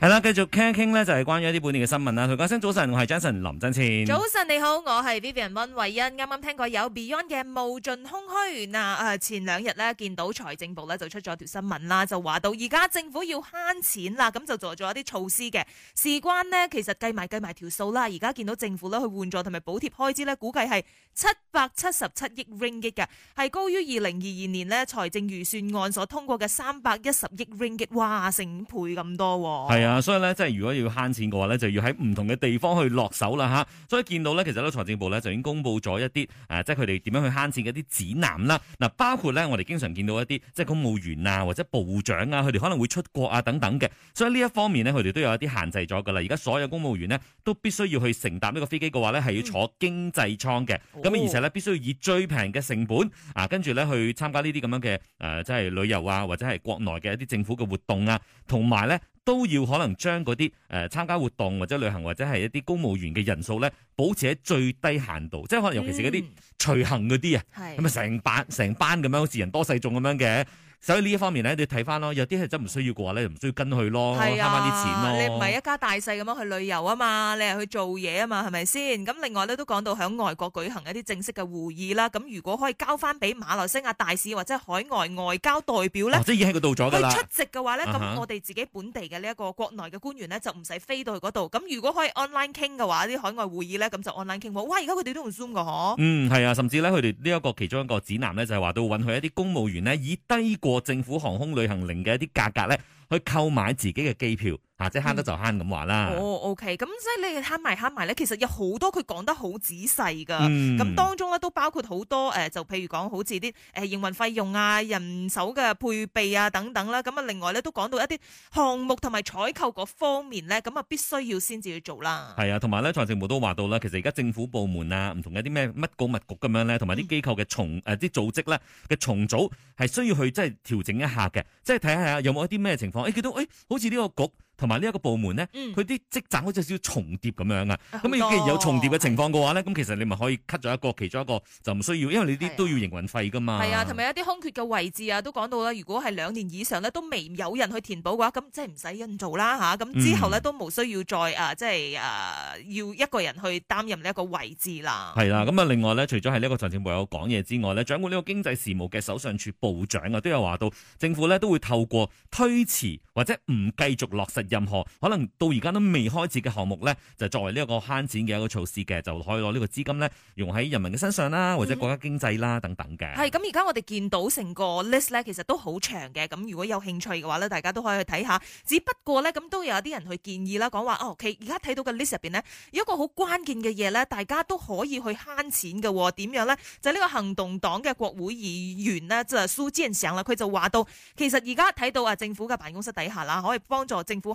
係啦，繼續傾一傾呢，就係關於一啲本地嘅新聞啦。佢講聲早晨，我係 Jason 林真千。早晨你好，我係 Vivian 溫慧欣。啱啱聽過有 Beyond 嘅《無盡空虛》嗱。誒，前兩日呢，見到財政部呢就出咗條新聞啦，就話到而家政府要慳錢啦，咁就做咗一啲措施嘅。事關呢，其實計埋計埋條數啦，而家見到政府呢去援助同埋補貼開支呢，估計係七百七十七億 Ringgit 噶，係高於二零二二年呢財政預算案所通過嘅三百一十億 Ringgit。哇，成倍咁多，啊。係所以咧，即係如果要慳錢嘅話咧，就要喺唔同嘅地方去落手啦嚇。所以見到咧，其實咧財政部咧就已經公布咗一啲，誒，即係佢哋點樣去慳錢嘅一啲指南啦。嗱，包括咧，我哋經常見到一啲，即係公務員啊或者部長啊，佢哋可能會出國啊等等嘅。所以呢一方面咧，佢哋都有一啲限制咗噶啦。而家所有公務員呢，都必須要去承擔呢個飛機嘅話咧，係要坐經濟艙嘅。咁而且咧必須要以最平嘅成本啊，跟住咧去參加呢啲咁樣嘅誒，即係旅遊啊或者係國內嘅一啲政府嘅活動啊，同埋咧。都要可能將嗰啲誒參加活動或者旅行或者係一啲公務員嘅人數咧，保持喺最低限度，即係可能尤其是嗰啲隨行嗰啲啊，咁啊成班成班咁樣好似人多勢眾咁樣嘅。所以呢一方面咧，你睇翻咯，有啲係真唔需要嘅話咧，就唔需要跟佢咯，慳翻啲錢咯。你唔係一家大細咁樣去旅遊啊嘛，你係去做嘢啊嘛，係咪先？咁另外咧都講到響外國舉行一啲正式嘅會議啦。咁如果可以交翻俾馬來西亞大使或者海外外交代表咧，即係已經喺嗰度咗啦。去出席嘅話咧，咁我哋自己本地嘅呢一個國內嘅官員咧，就唔使飛到去嗰度。咁如果可以 online 傾嘅話，啲海外會議咧，咁就 online 傾。哇！而家佢哋都唔 Zoom 嘅呵。嗯，係啊，甚至咧佢哋呢一個其中一個指南咧，就係話都允許一啲公務員咧以低過。和政府航空旅行令嘅一啲價格咧，去購買自己嘅機票。啊！即係慳得就慳咁話啦。哦，OK，咁即係你慳埋慳埋咧，其實有好多佢講得好仔細噶。咁、嗯、當中咧都包括好多誒、呃，就譬如講好似啲誒營運費用啊、人手嘅配備啊等等啦。咁啊，另外咧都講到一啲項目同埋採購嗰方面咧，咁啊必須要先至去做啦。係啊，同埋咧財政部都話到啦，其實而家政府部門啊，唔同嘅啲咩乜局物局咁樣咧，同埋啲機構嘅重誒啲、嗯啊、組織咧嘅重組係需要去即係調整一下嘅，即係睇下有冇一啲咩情況，誒、哎、見到誒、哎、好似呢個局。同埋呢一個部門咧，佢啲職責好似少少重疊咁樣啊。咁既然有重疊嘅情況嘅話咧，咁其實你咪可以 cut 咗一個，其中一個就唔需要，因為你啲都要營運費噶嘛。係啊，同埋、啊、一啲空缺嘅位置啊，都講到啦。如果係兩年以上咧都未有人去填補嘅話，咁即係唔使咁做啦吓，咁、啊、之後咧、嗯、都冇需要再啊，即係、啊、要一個人去擔任呢一個位置啦。係啦、啊，咁啊另外咧，除咗係呢個財政部有講嘢之外咧，掌管呢個經濟事務嘅首相處部長啊，都有話到政府咧都會透過推遲或者唔繼續落實。任何可能到而家都未開始嘅項目咧，就作為呢一個慳錢嘅一個措施嘅，就可以攞呢個資金咧用喺人民嘅身上啦，或者國家經濟啦、嗯、等等嘅。係，咁，而家我哋見到成個 list 咧，其實都好長嘅。咁如果有興趣嘅話咧，大家都可以去睇下。只不過咧，咁都有啲人去建議啦，講話哦，其而家睇到嘅 list 入邊咧，有一個好關鍵嘅嘢咧，大家都可以去慳錢嘅、哦。點樣咧？就呢、是、個行動黨嘅國會議員咧，即係蘇之仁醒啦，佢就話、是、到，其實而家睇到啊，政府嘅辦公室底下啦，可以幫助政府。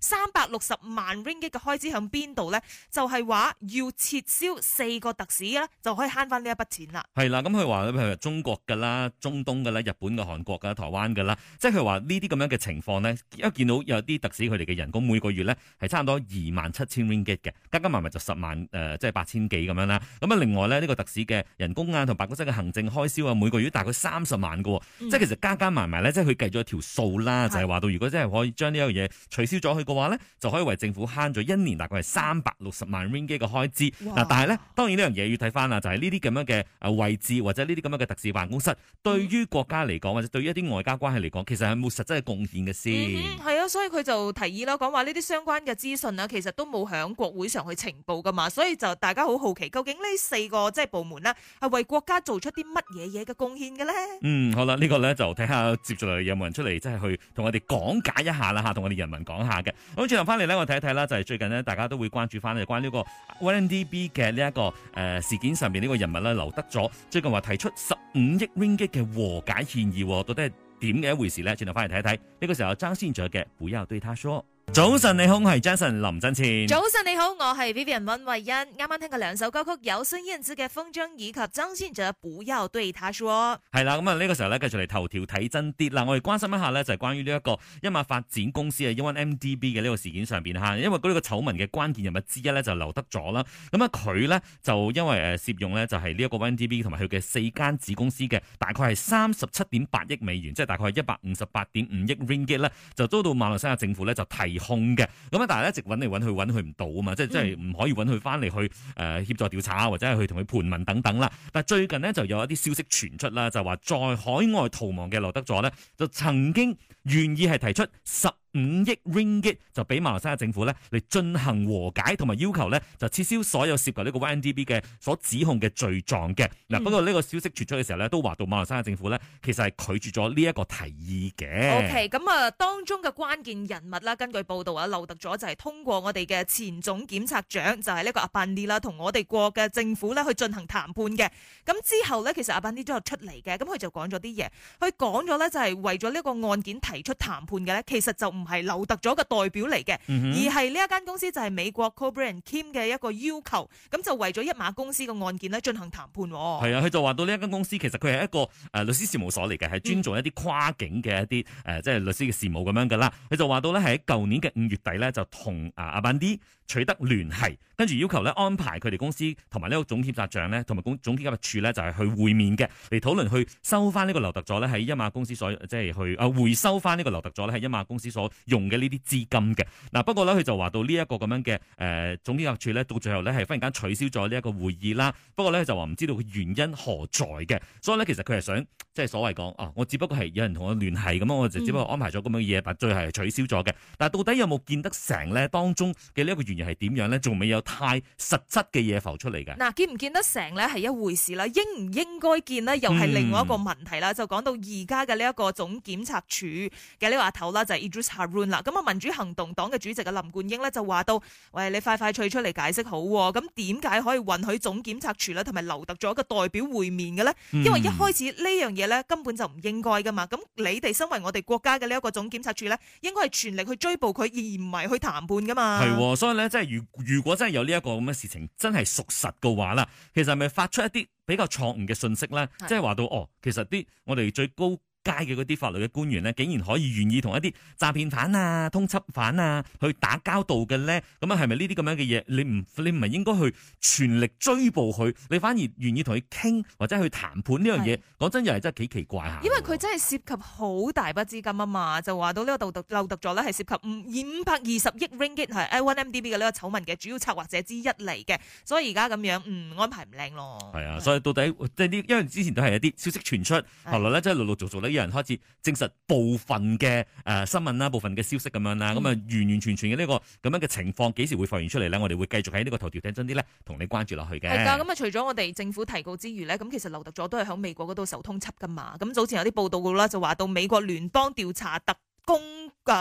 三百六十萬 ringgit 嘅開支向邊度咧？就係話要撤銷四個特使啊，就可以慳翻呢一筆錢啦。係啦，咁佢話譬如中國嘅啦、中東嘅啦、日本嘅、韓國嘅、台灣嘅啦，即係佢話呢啲咁樣嘅情況咧，一見到有啲特使佢哋嘅人工每個月咧係差唔多二萬七千 ringgit 嘅，加加埋埋就十萬誒，即係八千幾咁樣啦。咁啊，另外咧，呢個特使嘅人工啊同辦公室嘅行政開銷啊，每個月大概三十萬嘅，即係其實加加埋埋咧，即係佢計咗條數啦，就係話到如果真係可以將呢樣嘢。取消咗佢嘅話呢，就可以為政府慳咗一年大概係三百六十萬 ringgit 嘅開支。嗱，但係呢，當然呢樣嘢要睇翻啦，就係呢啲咁樣嘅誒位置或者呢啲咁樣嘅特設辦公室，對於國家嚟講、嗯、或者對於一啲外交關係嚟講，其實係冇實質嘅貢獻嘅先。係、嗯、啊，所以佢就提議啦，講話呢啲相關嘅資訊啊，其實都冇響國會上去呈報噶嘛，所以就大家好好奇，究竟呢四個即係部門咧，係為國家做出啲乜嘢嘢嘅貢獻嘅呢？嗯，好啦，呢、這個呢，就睇下接住嚟有冇人出嚟即係去同我哋講解一下啦吓，同我哋人民講下嘅好，轉頭翻嚟咧，我睇一睇啦。就係、是、最近咧，大家都會關注翻，就關呢個 1MDB 嘅呢一個誒、呃、事件上邊呢個人物咧，劉特佐最近話提出十五億 ringgit 嘅和解建議，到底係點嘅一回事咧？轉頭翻嚟睇一睇呢個時候爭先在嘅，不要對他說。早晨，你好，我係 Jason 林振前。早晨，你好，我係 Vivian 溫慧欣。啱啱聽過兩首歌曲，有孫燕姿嘅《風箏》，以及張信哲嘅《不要對他說》。係啦，咁啊，呢個時候咧，繼續嚟頭條睇真啲嗱，我哋關心一下咧，就係關於呢一個一馬發展公司啊，One M D B 嘅呢個事件上邊吓，因為嗰呢個醜聞嘅關鍵人物之一咧，就劉特佐啦。咁啊，佢咧，就因為誒涉用咧就係呢一個 One M D B 同埋佢嘅四間子公司嘅，大概係三十七點八億美元，即係大概係一百五十八點五億 Ringgit 咧，就遭到馬來西亞政府咧就提。控嘅。咁啊，但係一直揾嚟揾去揾佢唔到啊嘛，即係即係唔可以揾佢翻嚟去誒協助調查，或者係去同佢盤問等等啦。但最近呢，就有一啲消息傳出啦，就話在海外逃亡嘅劉德佐呢，就曾經願意係提出十五億 ringgit 就俾馬來西亞政府咧，嚟進行和解，同埋要求咧就撤銷所有涉及呢個 YNDB 嘅所指控嘅罪狀嘅。嗱，不過呢個消息傳出嘅時候咧，都話到馬來西亞政府咧其實係拒絕咗呢一個提議嘅。O.K. 咁啊，當中嘅關鍵人物啦，根據報道啊，劉特佐就係通過我哋嘅前總檢察長，就係呢個阿班尼啦，同我哋國嘅政府咧去進行談判嘅。咁之後咧，其實阿班尼都係出嚟嘅，咁佢就講咗啲嘢，佢講咗咧就係為咗呢個案件提出談判嘅咧，其實就。唔係劉特佐嘅代表嚟嘅、嗯，而係呢一間公司就係美國 Kobre & Kim 嘅一個要求，咁就為咗一馬公司嘅案件咧進行談判，哦。係啊，佢就話到呢一間公司其實佢係一個誒、呃、律師事務所嚟嘅，係專做一啲跨境嘅一啲誒即係律師嘅事務咁樣噶啦。佢就話到呢係喺舊年嘅五月底呢，就同阿阿 Ben D 取得聯繫，跟住要求呢安排佢哋公司同埋呢個總檢察長呢，同埋總總檢察處咧就係、是、去會面嘅，嚟討論去收翻呢個劉特佐呢，喺一馬公司所即係去啊回收翻呢個劉特佐呢，喺一馬公司所。用嘅呢啲資金嘅嗱，不過咧佢就話到這個這樣的、呃、呢一個咁樣嘅誒總檢察處咧，到最後咧係忽然間取消咗呢一個會議啦。不過咧就話唔知道佢原因何在嘅，所以咧，其實佢係想即係所謂講啊，我只不過係有人同我聯繫咁樣，我就只不過安排咗咁樣嘅嘢，但最後係取消咗嘅。但係到底有冇見得成咧？當中嘅呢一個原因係點樣咧？仲未有太實質嘅嘢浮出嚟嘅。嗱，見唔見得成咧係一回事啦，應唔應該見呢？又係另外一個問題啦、嗯。就講到而家嘅呢一個總檢察處嘅呢個阿頭啦，就係、是啦，咁啊民主行動黨嘅主席啊林冠英呢，就話到：，喂，你快快退出嚟，解釋好，咁點解可以允許總檢察處咧同埋劉特佐一個代表會面嘅咧，嗯？因為一開始呢樣嘢咧根本就唔應該噶嘛。咁你哋身為我哋國家嘅呢一個總檢察處咧，應該係全力去追捕佢，而唔係去談判噶嘛。係，所以咧，即係如如果真係有呢一個咁嘅事情，真係屬實嘅話啦，其實係咪發出一啲比較錯誤嘅信息咧？即係話到哦，其實啲我哋最高。街嘅嗰啲法律嘅官員咧，竟然可以願意同一啲詐騙犯啊、通緝犯啊去打交道嘅咧，咁啊，係咪呢啲咁樣嘅嘢？你唔你唔係應該去全力追捕佢，你反而願意同佢傾或者去談判呢樣嘢？講真又係真係幾奇怪啊。因為佢真係涉及好大筆資金啊嘛，就話到呢個竇毒竇毒助咧係涉及五百二十億 ringgit 係 1MDB 嘅呢個醜聞嘅主要策劃者之一嚟嘅，所以而家咁樣嗯安排唔靚咯。係啊，所以到底即係呢因為之前都係一啲消息傳出，後來咧真係陸陸續續咧。啲人開始證實部分嘅誒新聞啦，部分嘅消息咁樣啦，咁、嗯、啊完完全全嘅呢個咁樣嘅情況幾時會發現出嚟咧？我哋會繼續喺呢個頭條聽真啲咧，同你關注落去嘅。係噶，咁、嗯、啊除咗我哋政府提告之餘咧，咁其實劉特佐都係喺美國嗰度受通緝噶嘛。咁、嗯、早前有啲報道啦，就話到美國聯邦調查特工。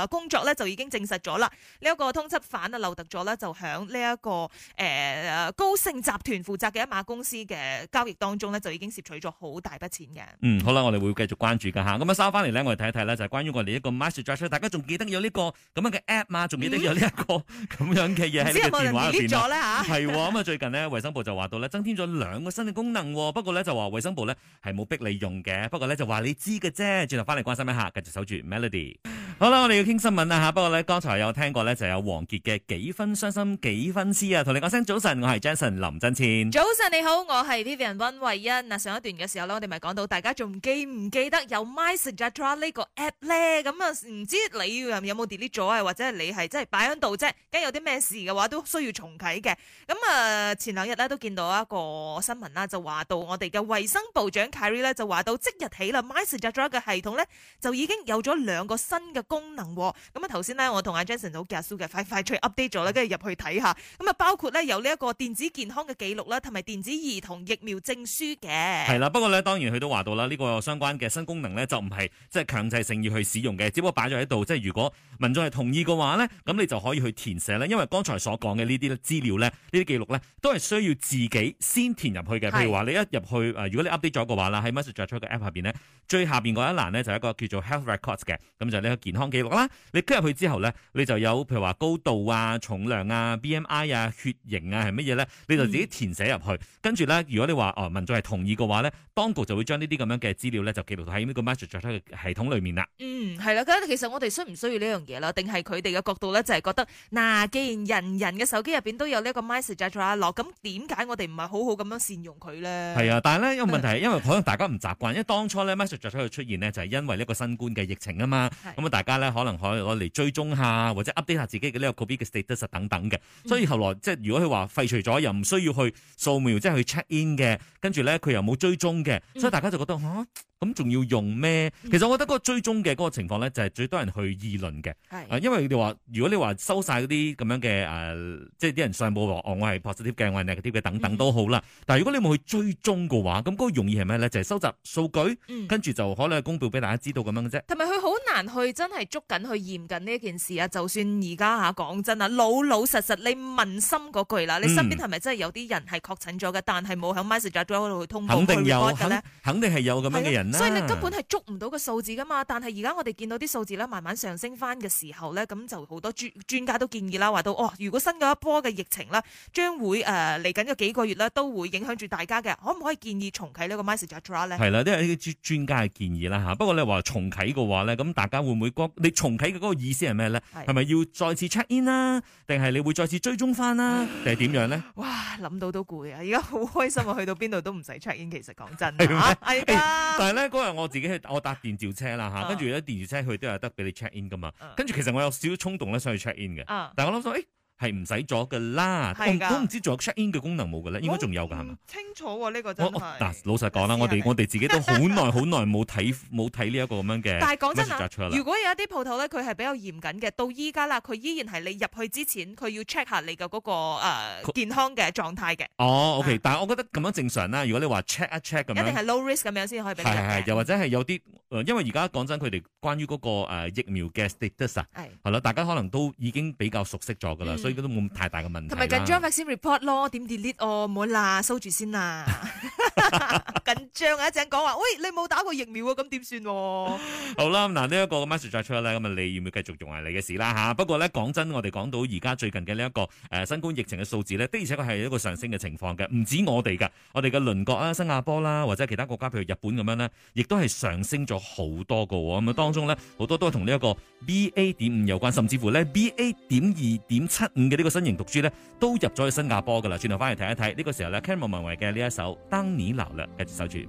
工作咧就已經證實咗啦。呢、這、一個通緝犯啊、這個，劉特佐咧，就喺呢一個誒高盛集團負責嘅一馬公司嘅交易當中呢，就已經攝取咗好大筆錢嘅。嗯，好啦，我哋會繼續關注嘅嚇。咁啊，稍翻嚟咧，我哋睇一睇咧，就係、是、關於我哋一個 MySejahtera 大家仲記得有呢、這個咁樣嘅 App 嘛？仲記得有呢、這、一個咁、嗯、樣嘅嘢喺呢個電話入邊咧係喎，咁 啊，最近呢，衞生部就話到咧增添咗兩個新嘅功能。不過咧就話衞生部呢，係冇逼你用嘅。不過咧就話你知嘅啫。轉頭翻嚟關心一下，繼續守住 Melody。好啦，我哋。要傾新聞啦吓，不過咧剛才有聽過咧，就有王傑嘅幾分傷心幾分癡。啊，同你講聲早晨，我係 Jason 林真千。早晨你好，我係 Vivian 温慧欣。嗱上一段嘅時候咧，我哋咪講到，大家仲記唔記得有 MySejahtera 呢個 app 咧？咁、嗯、啊，唔知你有冇 delete 咗啊？或者你係即係擺喺度啫？咁有啲咩事嘅話，都需要重啟嘅。咁、嗯、啊，前兩日咧都見到一個新聞啦，就話到我哋嘅衛生部長 Khairy 咧就話到即日起啦，MySejahtera 嘅系統咧就已經有咗兩個新嘅功能。咁啊，頭先咧，我同阿 Justin 老嘅快快脆 update 咗啦，跟住入去睇下。咁啊，包括咧有呢一個電子健康嘅記錄啦，同埋電子兒童疫苗證書嘅。係啦，不過咧當然佢都話到啦，呢、呢個相關嘅新功能咧就唔係即係強制性要去使用嘅，只不過擺咗喺度，即係如果民眾係同意嘅話咧，咁你就可以去填寫啦。因為剛才所講嘅呢啲資料咧，呢啲記錄咧，都係需要自己先填入去嘅。譬如話你一入去，如果你 update 咗嘅話啦，喺 Message 出嘅 app 入邊咧，最下邊嗰一欄咧就一個叫做 Health Records 嘅，咁就呢個健康記錄。你加入去之後咧，你就有譬如話高度啊、重量啊、B M I 啊、血型啊，係乜嘢咧？你就自己填寫入去，跟住咧，如果你話哦民眾係同意嘅話咧，當局就會將呢啲咁樣嘅資料咧就記錄喺呢個 message 咗嘅系統裏面啦。嗯，係啦，咁其實我哋需唔需要呢樣嘢啦？定係佢哋嘅角度咧，就係覺得嗱，既然人人嘅手機入邊都有呢一個 message 阿出落，咁點解我哋唔係好好咁樣善用佢咧？係啊，但係咧一個問題 因為可能大家唔習慣，因為當初咧 message 出佢出現呢，就係、是、因為呢一個新冠嘅疫情啊嘛，咁啊大家咧。可能可以攞嚟追蹤下，或者 update 下自己嘅呢個 COVID 嘅 status 等等嘅，所以後來即係如果佢話廢除咗，又唔需要去掃描，即係去 check in 嘅，跟住咧佢又冇追蹤嘅，所以大家就覺得吓。啊咁仲要用咩？其實我覺得嗰個追蹤嘅嗰個情況咧，就係最多人去議論嘅。因為你話如果你話收晒嗰啲咁樣嘅、呃、即係啲人上報話，哦，我係 positive 嘅，我係 negative 嘅，等等都好啦、嗯。但係如果你冇去追蹤嘅話，咁嗰個容易係咩咧？就係、是、收集數據，嗯、跟住就可能公佈俾大家知道咁樣嘅啫。係咪佢好難去真係捉緊去驗緊呢一件事啊？就算而家嚇講真啊，老老實實你問心嗰句啦，你身邊係咪真係有啲人係確診咗嘅、嗯，但係冇喺 m i e r j s o f t 嗰度通報去 report 肯定有肯，肯定係有咁樣嘅人。所以你根本係捉唔到個數字噶嘛，但係而家我哋見到啲數字咧慢慢上升翻嘅時候咧，咁就好多專家都建議啦，話到哦，如果新嘅一波嘅疫情啦將會誒嚟緊嘅幾個月咧都會影響住大家嘅，可唔可以建議重啟個呢個 message 咧？係啦，啲係啲專專家嘅建議啦嚇。不過你話重啟嘅話咧，咁大家會唔會你重啟嘅嗰個意思係咩咧？係咪要再次 check in 啦、啊？定係你會再次追蹤翻、啊、啦？定係點樣咧？哇！諗到都攰啊！而家好開心啊，去到邊度都唔使 check in。其實講真，嗰 日我自己去，我搭電召車啦吓，跟住有啲電召車去都有得俾你 check in 噶嘛。跟、啊、住其實我有少少衝動咧，想去 check in 嘅、啊。但係我諗住、欸，誒。係唔使咗噶啦，都唔知仲有 check in 嘅功能冇嘅咧，應該仲有噶係嘛？清楚喎、啊，呢、這個真嗱老實講啦，我哋我哋自己都好耐好耐冇睇冇睇呢一個咁樣嘅。但係講真如果有一啲鋪頭咧，佢係比較嚴謹嘅，到依家啦，佢依然係你入去之前，佢要 check 下你嘅嗰、那個健康嘅狀態嘅。哦，OK，、嗯、但係我覺得咁樣正常啦。如果你話 check 一 check 咁樣，一定係 low risk 咁樣先可以俾入係又或者係有啲因為而家講真，佢哋關於嗰個疫苗嘅 status 係係啦，大家可能都已經比較熟悉咗㗎啦，嗯呢個都冇太大嘅問題，同埋緊張。FAX 咧，report 咯，點 delete 哦？唔好啦，收住先啦。 一隻講話，喂，你冇打過疫苗喎，咁點算？好啦，嗱呢一個 m e s s a g 再出啦，咁啊，你要唔要繼續用下你嘅事啦嚇？不過咧，講真，我哋講到而家最近嘅呢一個誒新冠疫情嘅數字呢，的而且確係一個上升嘅情況嘅，唔止我哋噶，我哋嘅鄰國啊，新加坡啦，或者其他國家，譬如日本咁樣呢，亦都係上升咗好多個咁啊，當中呢，好多都係同呢一個 BA 點五有關，甚至乎呢 BA 點二點七五嘅呢個新型毒株呢，都入咗去新加坡噶啦。轉頭翻嚟睇一睇呢個時候呢 c a m e r i n 文慧嘅呢一首《d a n n 流量繼續守住。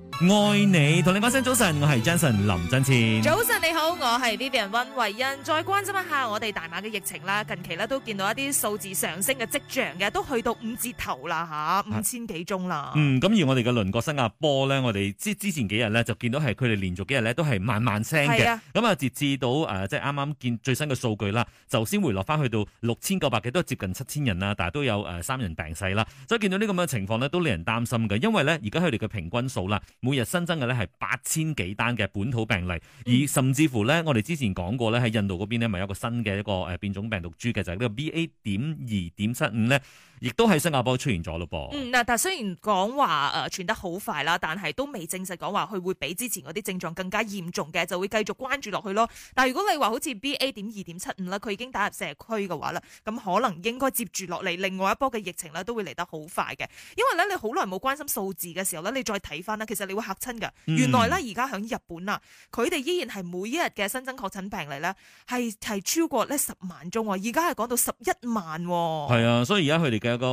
愛你同你發聲，早晨，我係 Jason 林振前。早晨你好，我係 Vivian 溫慧欣。再關心一下我哋大馬嘅疫情啦，近期咧都見到一啲數字上升嘅跡象嘅，都去到五字頭啦吓，五千幾宗啦。嗯，咁而我哋嘅鄰國新加坡呢，我哋之前幾日呢就見到係佢哋連續幾日呢都係萬萬聲嘅。咁啊，截至到誒、呃，即係啱啱見最新嘅數據啦，就先回落翻去到六千九百幾，都接近七千人啦，但係都有誒三人病逝啦，所以見到呢咁嘅情況呢都令人擔心嘅，因為呢而家佢哋嘅平均數啦。每日新增嘅咧係八千幾單嘅本土病例，而甚至乎咧，我哋之前講過咧，喺印度嗰邊咧，咪有一個新嘅一個誒變種病毒株嘅，就係呢個 BA. 點二點七五咧。亦都係新加坡出現咗咯噃。嗯，嗱，但係雖然講話誒傳得好快啦，但係都未證實講話佢會比之前嗰啲症狀更加嚴重嘅，就會繼續關注落去咯。但如果你話好似 B A 點二點七五啦，佢已經打入社區嘅話啦，咁可能應該接住落嚟另外一波嘅疫情咧都會嚟得好快嘅。因為咧你好耐冇關心數字嘅時候咧，你再睇翻咧，其實你會嚇親㗎。原來咧而家喺日本啊，佢、嗯、哋依然係每一日嘅新增確診病例咧係係超過呢十萬宗，而家係講到十一萬。係啊，所以而家佢哋嘅。一個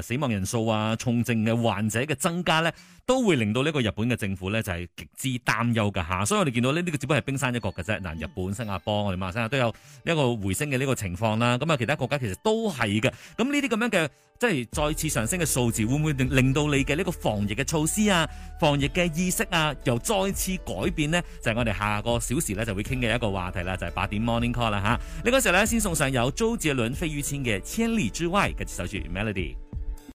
誒死亡人數啊，重症嘅患者嘅增加咧，都會令到呢個日本嘅政府咧就係極之擔憂噶吓，所以我哋見到呢，呢個只不過係冰山一角嘅啫。嗱，日本、新加坡、我哋馬來西亞都有一個回升嘅呢個情況啦。咁啊，其他國家其實都係嘅。咁呢啲咁樣嘅。即係再次上升嘅數字，會唔會令令到你嘅呢個防疫嘅措施啊、防疫嘅意識啊，又再次改變呢就係、是、我哋下個小時咧就會傾嘅一個話題啦，就係、是、八點 morning call 啦吓。你呢個時候咧先送上有周杰倫費玉清嘅《千里之外》嘅《守住 melody》。